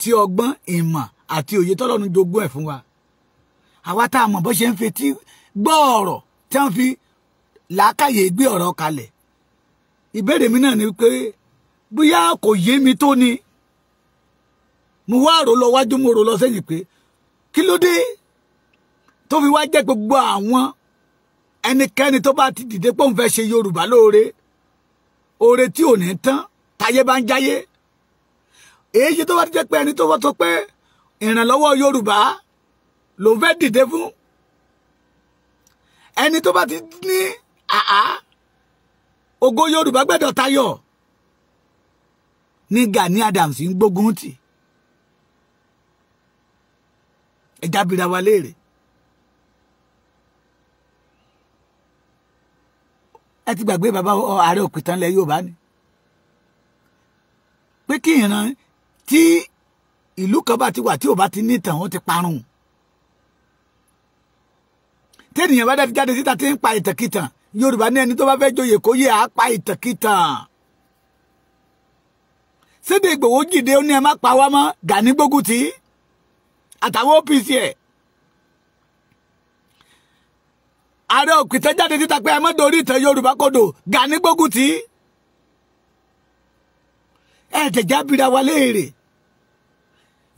tí ọgbọ́n ìmọ̀ àti òye tọ́lọ́run jogún ẹ̀ fún wa àwa tá a mọ̀ bó ṣe ń fetí gbọ́ ọ̀rọ̀ tí wọ́n fi làákàyè gbé ọ̀rọ̀ kalẹ̀ ìbéèrè mi náà ni pé bóyá kò yé mi tó ni mo wá rò lọ wájú mo rò lọ sẹ́yìn pé kí ló dé tó fi wá jẹ́ gbogbo àwọn ẹnikẹ́ni tó bá ti dìde pé òun fẹ́ ṣe yorùbá lóore oore tí ò ní tán táyé bá ń jáyé èyí tó bá ti jẹ́ pé ẹni tó bá tó pé ìrànlọ́wọ́ yorùbá ló fẹ́ dìde fún ẹni tó bá ti ní àá ògo yorùbá gbẹ́dọ̀ tayọ ní Gani Adams ń gbógun tì ẹja bìrà wa léèrè ẹ ti gbàgbé bàbá ààrẹ òpìtàn ilẹ̀ Yorùbá ni pé kí ìran tí ìlú kan bá ti wà tí ò bá ti ní ìtàn ó ti parun tẹ́nìyàn bá dẹ̀ fi jáde síta tí ń pa ìtàkìtàn Yorùbá ní ẹni tó bá fẹ́ joyè kó yẹ á pa ìtàkìtàn Sunday Igboho jìde ó ní ẹ má pa wá mọ́ Gani gbógun tì í àtàwọn OPC ẹ̀ ààrẹ òkìtẹ́ jáde títa pé ẹ má dorí ìtẹ́ yorùbá kodò Gani gbógun tì í ẹ tẹ̀já bira wa léèrè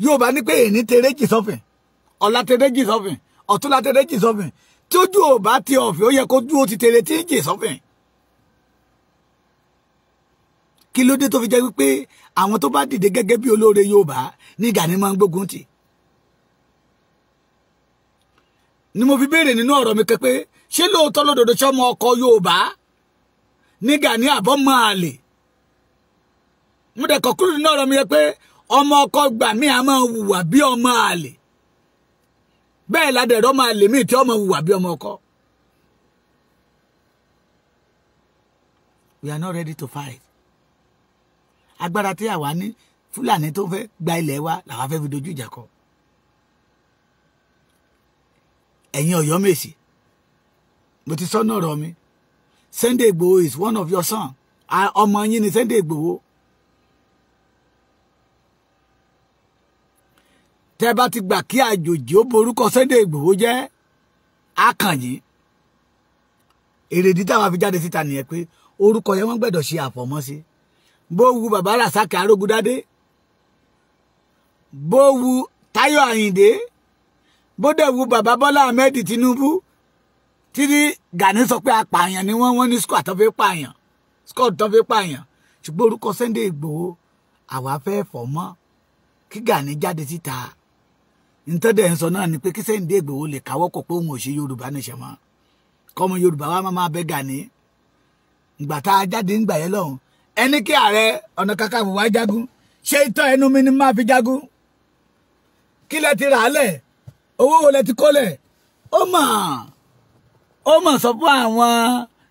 yorùbá ní pé èní tẹ̀rẹ́ jì sọ́fìn ọ̀la tẹ̀rẹ́ jì sọ́fìn ọ̀túnla tẹ̀rẹ́ jì sọ́fìn tójú ò bá ti ọ̀fìn ó yẹ kó dúró ti tẹ̀rẹ́ tí ń jì sọ́fìn kí ló dé tó fi jẹ́ wípé àwọn tó bá dìde gẹ́gẹ́ bí olóore yorùbá ní Gani máa ń gbógun tì ni mo fi béèrè nínú ọ̀rọ̀ mi kẹ pé ṣé lóòótọ́ lódodo ṣọmọ ọkọ Yorùbá ní Gani àbọ̀mọ àlè mo dẹ̀ nínú ọ̀rọ̀ mi yẹ pé ọmọ ọkọ gbà mí a máa hùwà bí ọmọ àlè bẹ́ẹ̀ ládẹ̀rọ̀ máa lè mí tí ọmọ hùwà bí ọmọ ọkọ. we are not ready to fight agbára tí àwa ní Fúlàní tó fẹ́ gba ilẹ̀ wa làwa fẹ́ fi dojú ìjà kọ ẹ̀yin Ọ̀yọ́ Mèsì mo ti sọ́nà ọ̀rọ̀ mi Sunday Igboho is one of your son ọmọ yín ni Sunday Igboho tẹ bá ti gbà kí àjòjì ó borúkọ Sunday Igboho jẹ́ akànyí èrèdí táwọn fi jáde síta nìyẹn pé orúkọ yẹn wọ́n gbẹ́dọ̀ ṣe àfọ̀mọ́ sí bó wu bàbá Rasaki Arógúndádé bó wu Táyọ̀ Àyìndé bó dẹ̀ wu bàbá Bọ́lá Ahmed Tinubu títí Gani sọ pé apààyàn ni wọ́n wọ́n ní squad tán fi pààyàn squad tán fi pààyàn ṣùgbọ́n orúkọ Sunday Igboho àwa fẹ́ fọ̀ mọ́ kí Gani jáde síta ntọ́dẹ̀ ń sọ náà ni pé kí Sunday Igboho lè káwọ́ kọ̀ pé òun ò ṣe Yorùbá nìṣẹ́ mọ́ kọ́mọ Yorùbá wa máa bẹ́ Gani ìgbà tá a jáde ńgbà yẹn lọ́hùn ẹni kí ààrẹ ọ̀nà kakanfò wá jagun ṣé ìtọ́ ẹnu mi ni máa fi jagun kí lẹ ti rà á lẹ̀ owó wo lẹ ti kó lẹ̀ ó mọ̀ ó mọ̀ sọ fún àwọn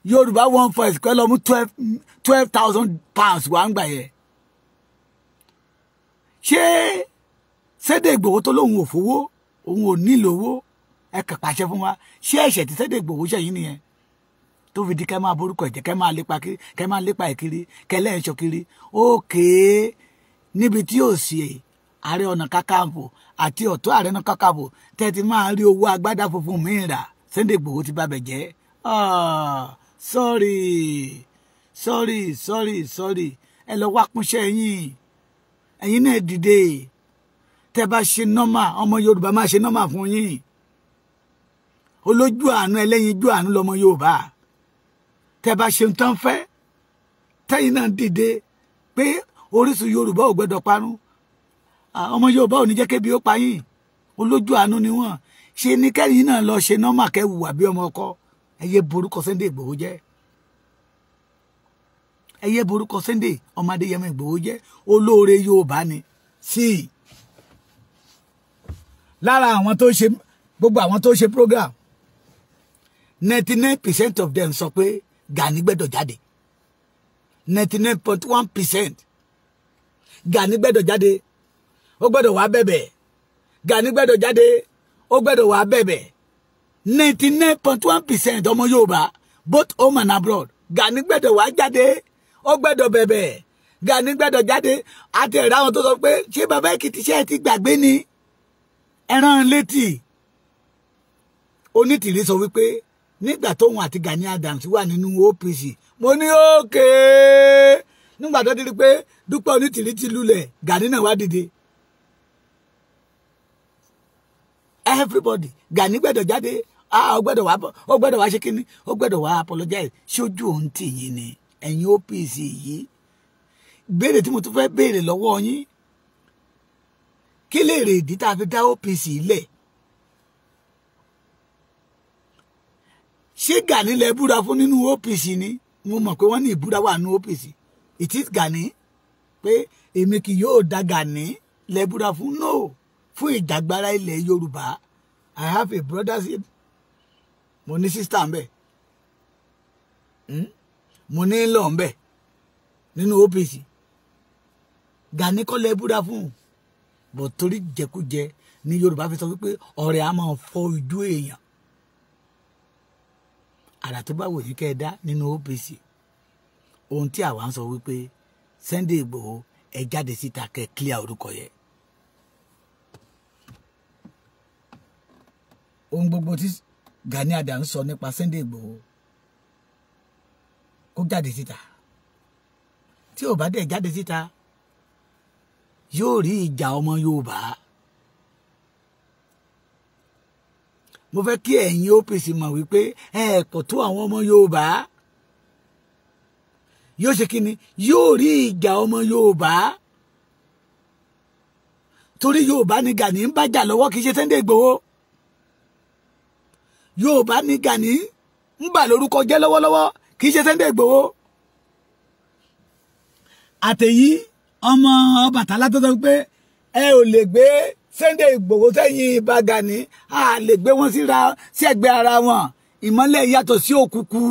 yorùbá one first, pẹ́ lọ́mú twelve twelve thousand pounds wà ń gbà yẹn ṣé Sunday Igboho tó lóun ò fowó òun ò nílò owó ẹ kàn pàṣẹ fún wa ṣé ẹ̀ṣẹ̀ tí Sunday Igboho ṣẹ̀yìn nìyẹn tó fi di kẹ́ máa borúkọ ẹ̀jẹ̀ kẹ́ máa lépa kiri kẹ́ máa lépa ìkiri kẹ́ lẹ́ẹ̀ṣọ́ kiri ókè níbi tí yóò sì ààrẹ ọ̀nà kakanfò àti ọ̀tọ̀ ààrẹ ọ̀nà kakanfò tẹ́ ti máa rí owó agbádá funfun mìíràn Sunday Igboho ti bá bẹ̀ jẹ́ ah sorry sorry sorry sorry ẹ lọ wá kúnṣẹ́ yín ẹ̀yin náà dìde tẹ́ bá ṣe nọ́mà ọmọ Yorùbá máa ṣe nọ́mà fún yín olójú àánú ẹlẹ́yinjú àánú lọmọ Yorùbá tẹ́ bá ṣe ń tán fẹ́ tẹ́yìn náà dìde pé orísun Yorùbá ò gbẹ́dọ̀ parun ah, ọmọ Yorùbá ò ní jẹ́ kébi ó pa olójú àánú ni wọ́n ṣe ni kẹ́yìn náà lọ ṣe nọ́mà kẹ́wùwà bí ọmọ ọkọ ẹ̀yẹ borúkọ Sunday Ìgbòho jẹ́ ẹ̀yẹ borúkọ Sunday ọmọ Adéyẹmọ Ìgbòho jẹ́ olóore Yorùbá ni sí i lára àwọn tó ṣe gbogbo àwọn tó ṣe program ninety nine percent of them sọ pé Gani gbẹ́dọ̀ jáde ninety nine point one percent Gani gbẹ́dọ̀ jáde ó gbẹ́dọ̀ wá bẹ̀bẹ̀ Gani gbẹ́dọ̀ jáde ó gbẹ́dọ̀ wá bẹ̀bẹ̀ ninety nine point one percent ọmọ Yorùbá both home and abroad Gani gbẹ́dọ̀ wá jáde ó gbẹ́dọ̀ bẹ̀bẹ̀ Gani gbẹ́dọ̀ jáde àti ẹ̀rọ àwọn tó sọ pé ṣé bàbá Èkìtì ṣe ti gbàgbé ni ẹran létí Onítìrí sọ wípé nígbà tóun àti Gani Adams wà nínú OPC mo ní òkè nígbà tó ti rí pé Dúpẹ́ Onítìrí ti lulẹ̀ Gani náà wá dìde everybody Gani gbẹ́dọ̀ jáde ah gbẹ́dọ̀ wá ó gbẹ́dọ̀ ṣe kínní ó gbẹ́dọ̀ apologize ṣojú òun tì yín ni ẹ̀yin OPC yìí béèrè tí mo tún fẹ́ béèrè lọ́wọ́ yín kí lè rè ìdí tá a fi dá OPC lẹ̀ ṣé Gani lẹ búra fún nínú OPC ni mo mọ̀ pé wọ́n ní ìbúra wà nínú OPC it is Gani pé èmi kì yóò da Gani lẹ búra fún no fún ìdàgbára ilẹ̀ Yorùbá I have a brothership mo ní sísítà ń bẹ hmm? mo ní ń lọ ń bẹ nínú OPC Gani kọ́lé búra fún un bọ̀ torí jẹkújẹ ní Yorùbá fi sọ wípé ọ̀rẹ́ a máa fọ ojú èèyàn àrà tó bá wò yín kẹ́ ẹ dá OPC ohun tí àwa ń sọ wípé Sunday Igboho ẹ jáde síta kẹ́ clear orúkọ yẹn ohun gbogbo tí Gani Adams sọ nípa Sunday Igboho kó jáde síta tí ò bá dẹ̀ jáde síta yóò rí ìjà ọmọ Yorùbá mo fẹ́ kí ẹ̀yin OPC mọ̀ wípé ẹ kò tó àwọn ọmọ Yorùbá yóò ṣe kíni yóò rí ìjà ọmọ Yorùbá torí Yorùbá ni Gani ń bájà lọ́wọ́ kì í ṣe Sunday Igboho yorùbá ní Gani ń bà lórúkọ jẹ́ lọ́wọ́lọ́wọ́ kì í ṣe Sunday Igboho àtẹ̀yí ọmọ Ọbàtálá tó sọ pé ẹ ò lè gbé Sunday Igboho sẹ́yìn ìbà Gani a lè gbé wọn síra sí ẹ̀gbẹ́ ara wọn ìmọ́lẹ̀ yàtọ̀ sí òkùnkùn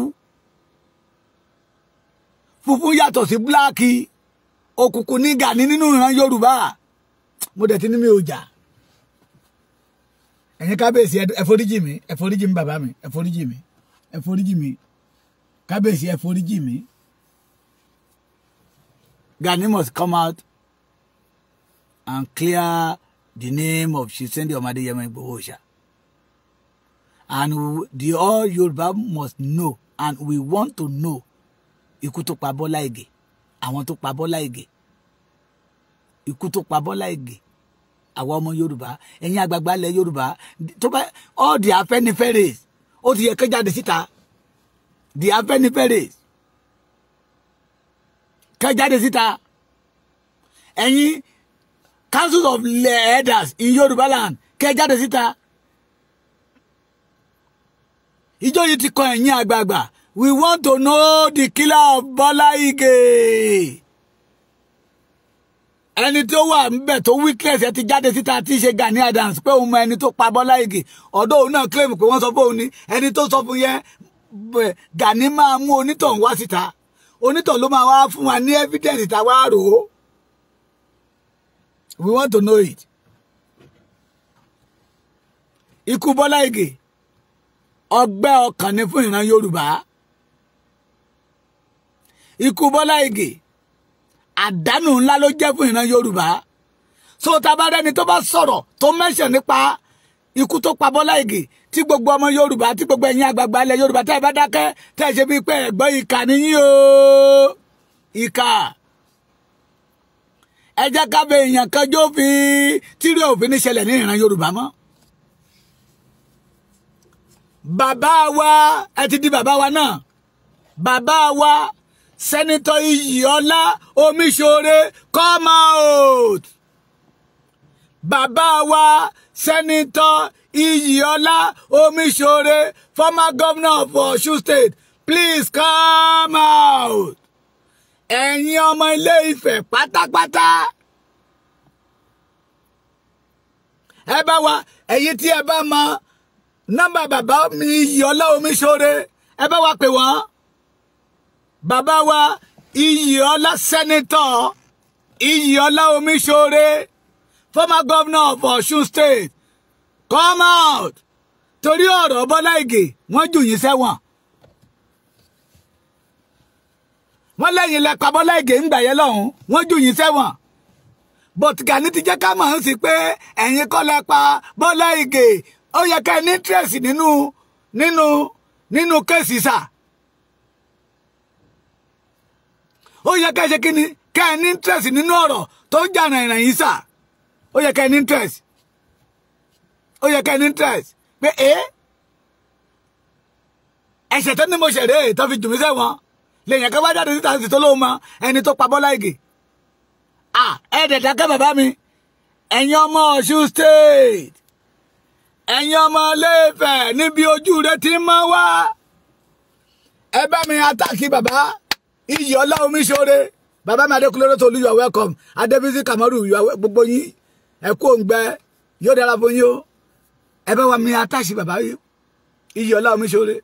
funfun yàtọ̀ sí búláàkì òkùnkùn ní Gani nínú ìran yorùbá mo dẹ̀ ti ní mi ò jà ẹ̀yin kábíyèsí ẹ foríjì mi ẹ foríjì mi bàbá mi ẹ foríjì mi ẹ foríjì mi kábíyèsí ẹ mi Gani must come out and clear the name of Sunday Omadeyemi Igboho Oosa and the all Yoruba must know and we want to know ikú tó pa Bọ́lá Ìgè àwọn tó pa Bọ́lá Ìgè ikú tó pa Bọ́lá Ìgè àwa ọmọ yorùbá ẹ̀yin àgbààgbà ilẹ̀ yorùbá tó bá all the afẹ́nifẹ́re ó ti yẹ kẹjáde síta the afẹ́nifẹ́re kẹjáde síta ẹ̀yin councils of leaders in yorùbá land kẹjáde síta ìjọ yìí ti kan ẹ̀yin àgbààgbà we want to know the killer of Bọ́lá Ìgè ẹni tí ó wà níbẹ̀ tó weakness ẹ ti jáde síta tí í ṣe Gani Adams pé òun mọ ẹni tó pa Bọ́lá Ìgè ọ̀dọ́ òun náà claim pé wọ́n sọ fún òun ni ẹni tó sọ fún yẹn Gani máa mú onítọ̀hún wá síta onítọ̀hún ló máa wá fún wa ní evidence tá a wá rò ó we want to know it. ikú Bọ́lá igi, ọgbẹ́ ọkàn ni fún ìran Yorùbá ikú Bọ́lá Ìgè àdánù ńlá ló jẹ́ fún ìran yorùbá so tabarẹ́ni tó bá sọ̀rọ̀ tó mẹ́sàn nípa ikú tó pa bọ́lá ìgè tí gbogbo ọmọ yorùbá tí gbogbo ẹ̀yin àgbààgbà ilẹ̀ yorùbá tẹ́ ẹ bá dákẹ́ tẹ́ ẹ ṣe bíi pé ẹ̀gbọ́n ìkà nìyí o ìkà ẹ jẹ́ ká bẹ èèyàn kan jó fi tírí òfin ní ní ìran yorùbá mọ́ bàbá wa ẹ ti di bàbá wa náà bàbá wa sẹ́nitọ́ Iyìọ́lá Omíṣore come out bàbá wa sẹ́nitọ́ Iyìọ́lá Omíṣore former governor of Ọ̀ṣun state please come out ẹ̀yin ọmọ ilé Ifẹ̀ pátápátá ẹ bá wa ẹ̀yin tí ẹ bá mọ nọ́mbà bàbá mi Iyìọ́lá Omíṣore ẹ bá wa pè wọ́n bàbá wa Iyìọ́lá sẹ́nitọ̀ Iyìọ́lá Omiṣore former governor of Ọ̀ṣun state come out torí ọ̀rọ̀ Bọ́lá Ìgè wọ́n jù yín sẹ́wọ̀n wọ́n lẹ́yìn lẹ́pa Bọ́lá Ìgè ń gbàyẹ́ lọ́hùn wọ́n jù yín sẹ́wọ̀n but Gani ti jẹ́ ká mọ̀ ń sí pé ẹ̀yin kọ́ lẹ́pa Bọ́lá Ìgè ó yẹ ká ní interest nínú nínú nínú kéèsì sáà. ó yẹ ká ẹ ṣe kí ni ká ẹ ní interest nínú ọ̀rọ̀ tó ń jà rìnrìn yìí sà ó yẹ ká ẹ ní interest ó yẹ ká ẹ ní interest pé ẹ ẹsẹ̀ tó ní mo ṣẹ̀rẹ̀ tó fi jù mí sẹ́wọ̀n lèèyàn ká bá jáde síta sí tó lóun mọ ẹni tó pa Bọ́lá Ìgè ẹ dẹ̀ dákẹ́ bàbá mi ẹ̀yin ọmọ Ọ̀ṣun state ẹ̀yin ọmọ Ilé-Ifẹ̀ níbi ojú rẹ ti máa wá ẹ bá mi atáàkì bàbá iyì ọlá omi ṣoore bàbá mi adékúnlé tolu you are welcome adébísí kamaru you are gbogbo yín ẹ kú òǹgbẹ yóò dára fún yín o ẹ wa mi atáṣì Baba. yìí iyì ọlá omi ṣoore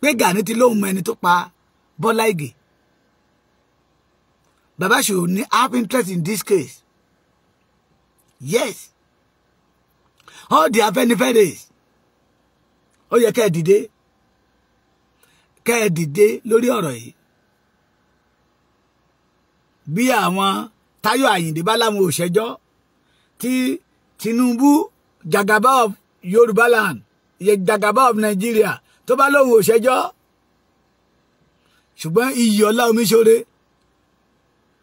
pé Gani ti lóhùn mọ ẹni tó pa Bọ́lá Ìgè bàbá ṣòro ní half interest in this case yes all the Afẹ́nifẹ́re ó yẹ ká ẹ dìde kẹ́ ẹ dìde lórí ọ̀rọ̀ yìí bí àwọn Táyọ̀ Àyìndé bá láwọn òṣẹjọ tí Tinubu jagaba of Yorùbá land jagaba of Nàìjíríà tó bá lóun òṣẹjọ ṣùgbọ́n iyì ọlá omiṣore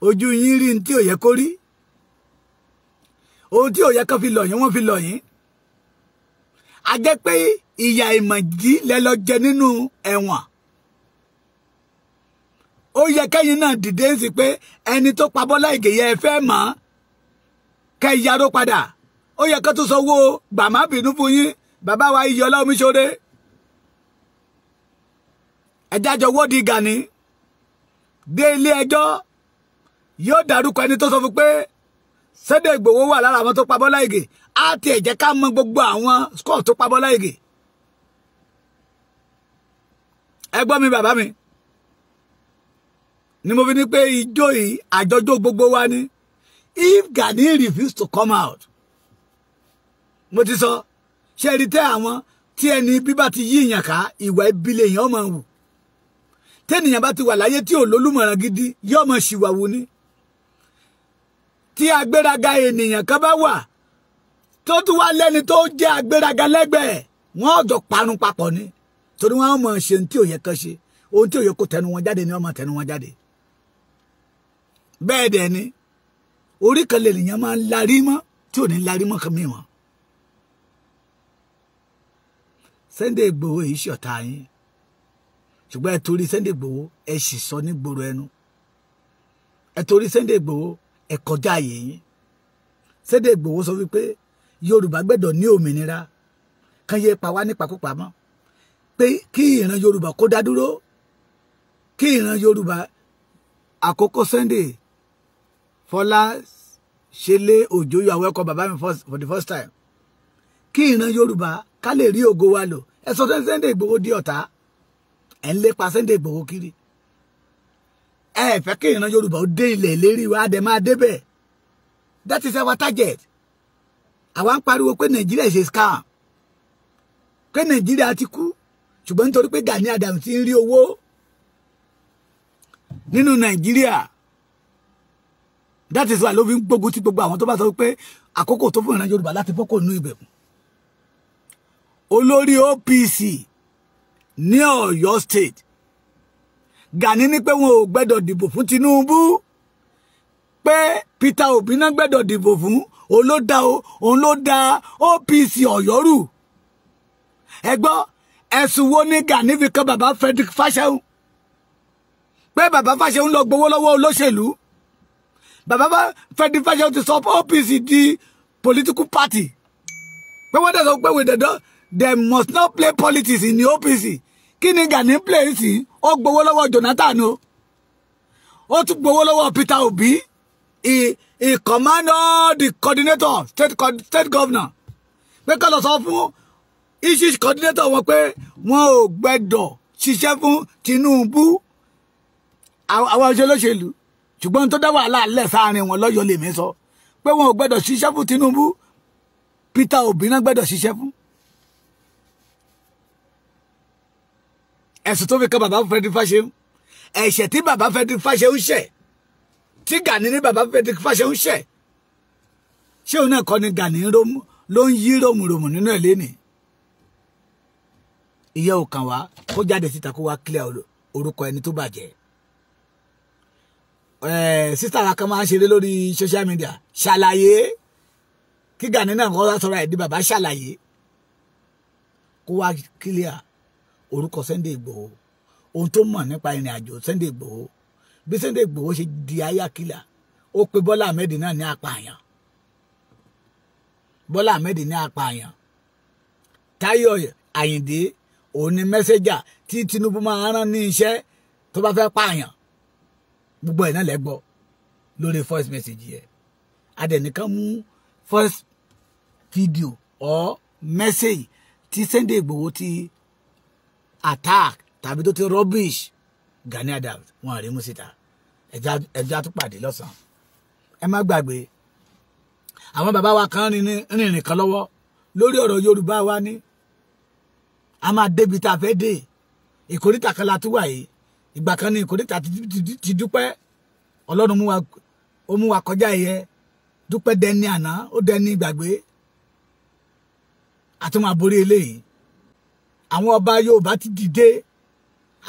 ojú yín rí ní tí ò yẹ kó rí ohun tí ò yẹ kán fi lọ yín wọ́n fi lọ yín a jẹ́ pé ìyà ìmọ̀jì lẹ lọ jẹ nínú ẹ̀wọ̀n. E ó yẹ kẹ́yìn náà dìde sí pé ẹni tó pa Bọ́lá Ìgè yẹ ẹ fẹ́ mọ̀ ọ́ kẹ́ ẹ yaró padà ó yẹ kó tó sọ wo gbàmá bínú fún yín bàbá wa iyì ọlá Omíṣọ̀rẹ́ ẹjá wọ́ọ̀dì Gani dé ilé ẹjọ́ yóò dárúkọ ẹni tó sọ fún pé Sunday Igboho wà lára àwọn tó pa Bọ́lá Ìgè á tiẹ̀ jẹ́ ká mọ gbogbo àwọn skọ́ọ̀ tó pa Bọ́lá Ìgè ẹ gbọ́ mi bàbá mi ni mo fi ní pé ijó yìí àjọjó gbogbo wa ni if Gani refuse to come out mo ti sọ ṣe rí tẹ àwọn tí ẹni bíbá ti yí ìyàn ká ìwà ìbílẹ̀ èèyàn máa wù tẹ́nìyàn bá ti wà láyé tí ò gidi yóò máa ṣìwàwù ni tí agbéraga ènìyàn kan bá wà tó tún wá lẹ́ni tó jẹ́ agbéraga lẹ́gbẹ̀ẹ́ wọ́n jọ parun papọ̀ ni torí wọ́n mọ̀ ṣe ohun tí ò kan ṣe ohun tí ò yẹ tẹnu wọn jáde ni wọ́n mọ̀ tẹnu wọn jáde bẹ́ẹ̀ dẹ̀ ni orí kan lè nìyẹn máa ń larí mọ́ tí ò ní larí mọ́ kan mìíràn. Sunday Igboho yìí ṣọ̀tá yín ṣùgbọ́n ẹ torí Sunday Igboho ẹ sì sọ ní gbòòrò ẹnu ẹ torí Sunday Igboho ẹ kọjá àyè yín Sunday Igboho sọ wípé Yorùbá gbẹ́dọ̀ ní òmìnira kan yẹ pa wá nípakúpa mọ́ pé kí ìran Yorùbá kó dá dúró kí ìran Yorùbá àkókò Sunday Fọlá Ṣẹlẹ Òjó you are welcome bàbá mi for the first time kí ìran Yorùbá ká lè rí ògo wa lò ẹ sọ Sunday Ìgbòho di ọ̀tá ẹ ń lépa Sunday Ìgbòho kiri ẹ fẹ́ kí ìran Yorùbá ó dé ilẹ̀ ìlérí wa dẹ̀ máa débẹ̀ that is our target àwa ń pariwo pé Nàìjíríà ṣe scam pé Nàìjíríà ti kú ṣùgbọ́n nítorí pé Gani Adams ti ń rí owó nínú Nàìjíríà that is why ló fi ń gbógun ti gbogbo àwọn tó bá sọ pé àkókò tó fún ìran yorùbá láti bọ́kò nú ibẹ̀ olórí OPC ní Ọ̀yọ́ state Gani ní pé wọn ò gbẹ́dọ̀ dìbò fún Tinubu pé Peter Obi náà gbẹ́dọ̀ dìbò fún òun ló da òun ló da OPC Ọ̀yọ́ rù ẹ wo ni Gani fi kan bàbá Frederick Fáṣẹ̀hùn pé Baba Fáṣẹ̀hùn lọ gbowó lọ́wọ́ olóṣèlú bàbá Fẹ́mi Fáṣọlá ti sọ OPC di political party pé wọ́n dẹ̀sọ̀ pé wìdẹ̀dọ́ they must not play politics in the OPC kí ni Gani play sí ó gbowó lọ́wọ́ Jonathan o ó tún gbowó lọ́wọ́ Peter Obi he he command all the coordinator state state governor pé ká lọ sọ fún isis coordinator wọn pé wọn ò gbẹ́dọ̀ ṣiṣẹ́ fún Tinubu àwọn olóṣèlú ṣùgbọ́n tó dá wàhálà lẹ̀ sáàrin wọn lọ́yọ̀ lèmi sọ pé wọn ò gbẹ́dọ̀ ṣiṣẹ́ fún Tinubu Peter Obi náà gbẹ́dọ̀ ṣiṣẹ́ fún. ẹ̀sùn tó fi kan bàbá Frederick Fáṣẹ̀hùn ẹ̀ṣẹ̀ tí bàbá Frederick Fáṣẹ̀hùn ṣẹ̀ tí Gani ní bàbá Frederick Fáṣẹ̀hùn ṣẹ̀ ṣé òun náà kọ́ ni Gani ló ń yí ròmùròmù nínú ẹ̀ lénìí ìyẹn ò kàn wá kó jáde síta kó wá kílẹ̀ orúkọ ẹni tó bàjẹ́ Eh, sísá wa kan máa ń ṣeré lórí social media ṣàlàyé kí Gani náà kọ́ sọ́ra ẹ̀ di bàbá ṣàlàyé kó wá clear orúkọ Sunday Igboho ohun tó mọ̀ nípa ìrìn àjò Sunday Igboho bí Sunday Igboho ṣe di aya killer ó pe Bọ́lá Ahmed náà ní apààyàn Bọ́lá Ahmed ní apààyàn Táyọ̀ Àyìndé òun ni mẹ́sẹ́jà tí Tinubu máa rán ní iṣẹ́ tó bá fẹ́ pààyàn gbogbo ẹ̀ náà lẹ́gbọ́ lórí voice message yẹ adẹnìkan mú voice video or message ti Sunday Igboho ti attack tàbí tó ti rubbish Gani Adams wọn àrí mú síta ẹja tó pàdé lọ́sàn-án ẹ má gbàgbé àwọn bàbá wa kan rìnrìn kan lọ́wọ́ lórí ọ̀rọ̀ Yorùbá wa ní a máa débi tá a fẹ́ dé ìkórìtà kan la tún wà yìí ìgbà kan ní ìkóríta ti dúpẹ́ ọlọ́run mú wa kọjá ẹ̀yẹ dúpẹ́ dẹni àná ó dẹni ìgbàgbé àti máa borí eléyìí àwọn ọba Yorùbá ti dìde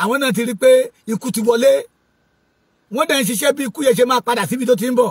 àwọn náà ti rí pé ikú ti wọlé wọ́n dẹ̀ ṣiṣẹ́ bí ikú yẹn ṣe máa padà síbi tó ti ń bọ̀